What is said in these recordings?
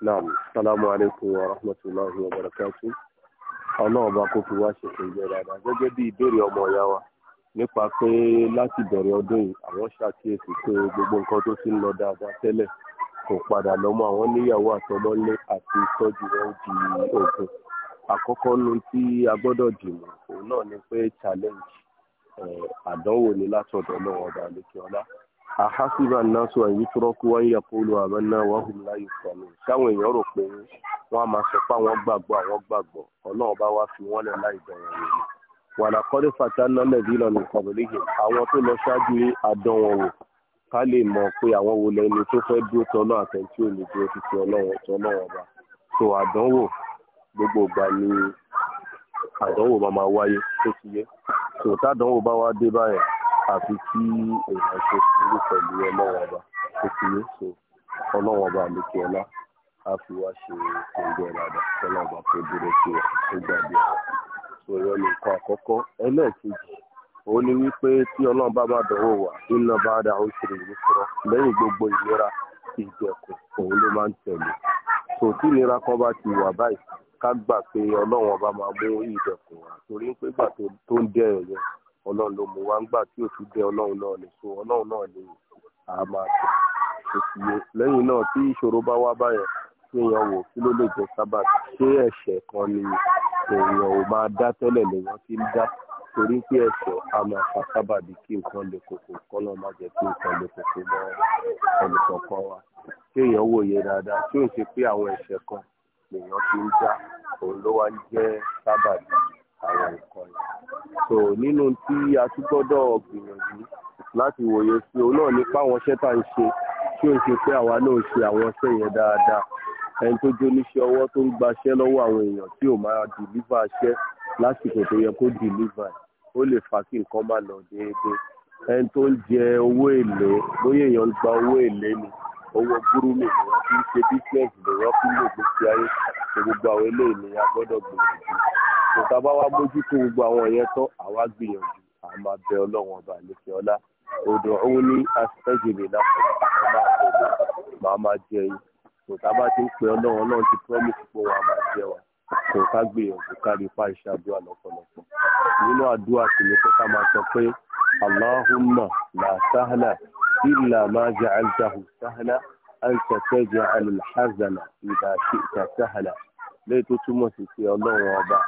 naam salamu aleykum wa rahmatulahi wa barakatu ọlọ́run bá kó fi wá ṣètò ìjọba àdá gẹ́gẹ́ bí ìbéèrè ọmọ ìyá wa nípa pé láti bẹ̀rẹ̀ ọdún yìí àwọn ṣàkíyèsí pé gbogbo nǹkan tó ti ń lọ dáadáa tẹ́lẹ̀ kò padà lọ́mọ àwọn níyàwó àtọmọ́lé àti ìtọ́jú wọn di ogun àkọ́kọ́ nu tí a gbọ́dọ̀ dìmọ̀ òun náà ni pé challenge àdánwò ni látọ̀dọ̀ náà ọba àlekèọlá a náà sọ èyí tó rọ́kú wáyé àpòlù àbẹ́nà wàhùn láyé sàmì káwọn èèyàn rò pé wọ́n á máa sọ pé àwọn gbàgbọ́ àwọn gbàgbọ́ ọlọ́run bá wá fi wọ́n lẹ̀ láì bẹ̀rẹ̀ rẹ̀ ni. wàlà kọ́lé fata nálẹ̀ bí lọ́nà ìkọ̀bẹ̀lẹ́yìn àwọn tó lọ ṣáájú adán wọn wò ká lè mọ̀ pé àwọn wo lẹni tó fẹ́ dúró tọ́nà àtẹ̀tí òní dúró ti ti ọlọ́run tọ́nà ọba tó àdánwò gbogbo ìgbà ni àdánwò máa wáyé tó ti yẹ tòótá àdánwò bá wá dé báyìí àfi kí èèyàn ṣe sùúrù pẹ̀lú ọlọ́wọ́n ọba tó fi yé so ọlọ́wọ́n ọba àlékè ọlá á fi wá ṣe oúnjẹ rárá ọlọ́wọ́n ọba tó dúró sí ẹ̀ tó gbàgbé ọ̀rọ̀ so ìyẹn ní nǹkan àkọ́kọ́ ẹlẹ́ẹ̀kejì òun ni wípé tí ọlọ́run bá bá dánwò wá iná bá dá ó ṣe ìlú sọ lẹ́yìn gbogbo ìlera ìjẹ̀kùn òun ló máa ń tẹ̀lé so tí ìlera kan bá ti wà báyìí ká gbà pé ọlọ́run ọba máa mú ìjẹ̀kùn wá torí pé gbà tó ń dẹ̀ ẹ̀yẹ ọlọ́run ló mú wa ńgbà tí òfin jẹ ọlọ́run náà ni so ọlọ́run náà ni a máa tẹ̀ òsì yẹn lẹ́yìn náà tí ìṣòro bá wá báyẹn kí èèyàn wò kí ló lè jẹ sábà ṣé ẹ̀ṣẹ̀ kan ni èèyàn ò máa dá tẹ́lẹ̀ lèèyàn ti ń dá torí pé ẹ̀ṣẹ̀ a máa fa sábà bí kí nǹkan lè kókó kọ́nà má jẹ́ kí nǹkan lè kókó mọ́ ẹnìkọ̀ọ̀kan wa kí èèyàn wòye dáadáa tí ò ń ṣe pé àwọn ẹ̀ṣẹ̀ kan lèèyàn ti ń dá òun ló wá jẹ́ sábà bí àwọn so nínú tí a tún gbọ́dọ̀ gbìyànjú láti wòye sí òun náà nípa àwọn iṣẹ́ ń ṣe tí ó ń ṣe pé àwa náà ń ṣe àwọn iṣẹ́ yẹn dáadáa ẹni tó jó níṣẹ́ ọwọ́ tó ń gbaṣẹ́ lọ́wọ́ àwọn èèyàn tí ò máa dìlíva iṣẹ́ lásìkò tó yẹ kó dìlíva ó lè fà kí nǹkan má lọ déédéé ẹni tó ń jẹ owó èlé bóyá èèyàn ń gba owó èlé ni owó gúrúmì ni wọ́n fi ń ṣe bísíǹsì ni wọ́n fi ń lò gbèsè ayé gbogbo àwọn eléyìí ni a gbọ́dọ̀ gbìyànjú tó tá a bá wá mójútó gbogbo àwọn yẹn tán àwa gbìyànjú à máa bẹ ọlọ́run ọba àlekè ọlá odò òun ní asẹ́jìrì lápò máa máa jẹ yín tó tá a bá ti ń pè ọlọ́run ọlọ́run ti promise pé wọ́n á máa jẹ wa kò ká gbìyànjú kárí ipá iṣẹ́ lọ́pọ̀lọpọ̀ nínú àdúrà sì ni pé ká máa sọ pé aláhùnmá là sáhánà ìlà máa jẹ àjàhù sáhánà àǹtà àlùhàzànà ìdá sí lẹ́yìn tó túmọ̀ sí pé ọlọ́run ọba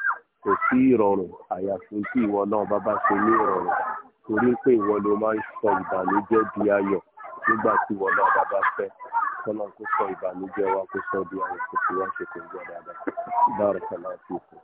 kò sí ìrọ̀rùn àyàfi tí ìwọ náà bá bá ṣe ní ìrọ̀rùn torí pé ìwọ ló máa ń sọ ìbànújẹ́ di ayọ̀ nígbà tí ìwọ náà bá bá fẹ́ kọ́nà kó sọ ìbànújẹ́ wa kó sọ di ayọ̀ kó fi wá ṣe kò gbọ́ dáadáa bára kàlá àti ìkọ́.